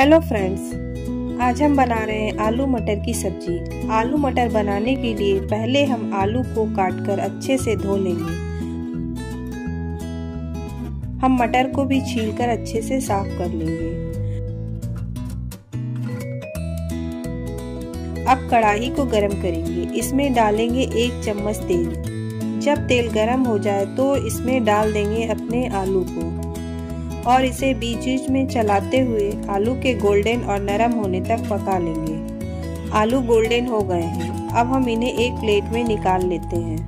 hello friends आज हम बना रहे हैं आलू मटर की सब्जी आलू मटर बनाने के लिए पहले हम आलू को काटकर अच्छे से धो लेंगे हम मटर को भी छीलकर अच्छे से साफ कर लेंगे अब कढ़ाई को गरम करेंगे इसमें डालेंगे एक चम्मच तेल जब तेल गरम हो जाए तो इसमें डाल देंगे अपने आलू को और इसे बीच बीच में चलाते हुए आलू के गोल्डन और नरम होने तक पका लेंगे आलू गोल्डन हो गए हैं अब हम इन्हें एक प्लेट में निकाल लेते हैं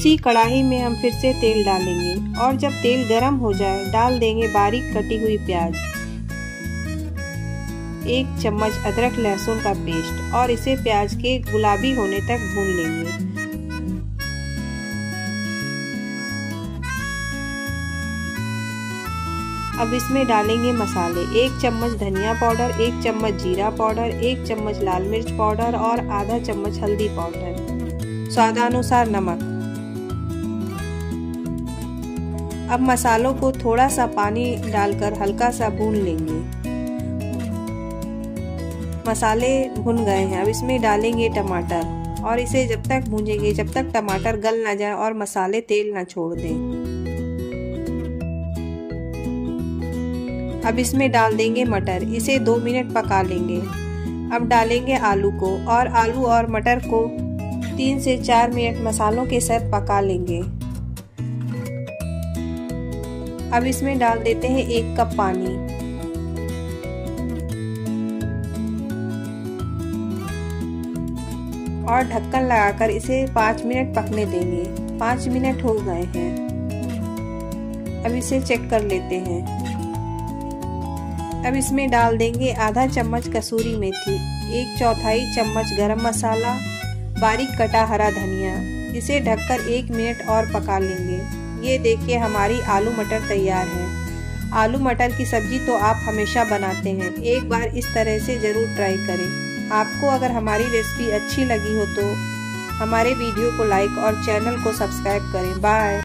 उसी कढ़ाई में हम फिर से तेल डालेंगे और जब तेल गरम हो जाए डाल देंगे बारीक कटी हुई प्याज एक चम्मच अदरक लहसुन का पेस्ट और इसे प्याज के गुलाबी होने तक भून लेंगे अब इसमें डालेंगे मसाले एक चम्मच धनिया पाउडर एक चम्मच जीरा पाउडर एक चम्मच लाल मिर्च पाउडर और आधा चम्मच हल्दी पाउडर स्वादानुसार नमक अब मसालों को थोड़ा सा पानी डालकर हल्का सा भून लेंगे मसाले भुन गए हैं अब इसमें डालेंगे टमाटर और इसे जब तक भूनेंगे जब तक टमाटर गल ना जाए और मसाले तेल ना छोड़ दें अब इसमें डाल देंगे मटर इसे दो मिनट पका लेंगे अब डालेंगे आलू को और आलू और मटर को तीन से चार मिनट मसालों के साथ पका लेंगे अब इसमें डाल देते हैं एक कप पानी और ढक्कन लगाकर इसे पाँच मिनट पकने देंगे पाँच मिनट हो गए हैं अब इसे चेक कर लेते हैं अब इसमें डाल देंगे आधा चम्मच कसूरी मेथी एक चौथाई चम्मच गरम मसाला बारीक कटा हरा धनिया इसे ढककर एक मिनट और पका लेंगे ये देखिए हमारी आलू मटर तैयार है आलू मटर की सब्जी तो आप हमेशा बनाते हैं एक बार इस तरह से ज़रूर ट्राई करें आपको अगर हमारी रेसिपी अच्छी लगी हो तो हमारे वीडियो को लाइक और चैनल को सब्सक्राइब करें बाय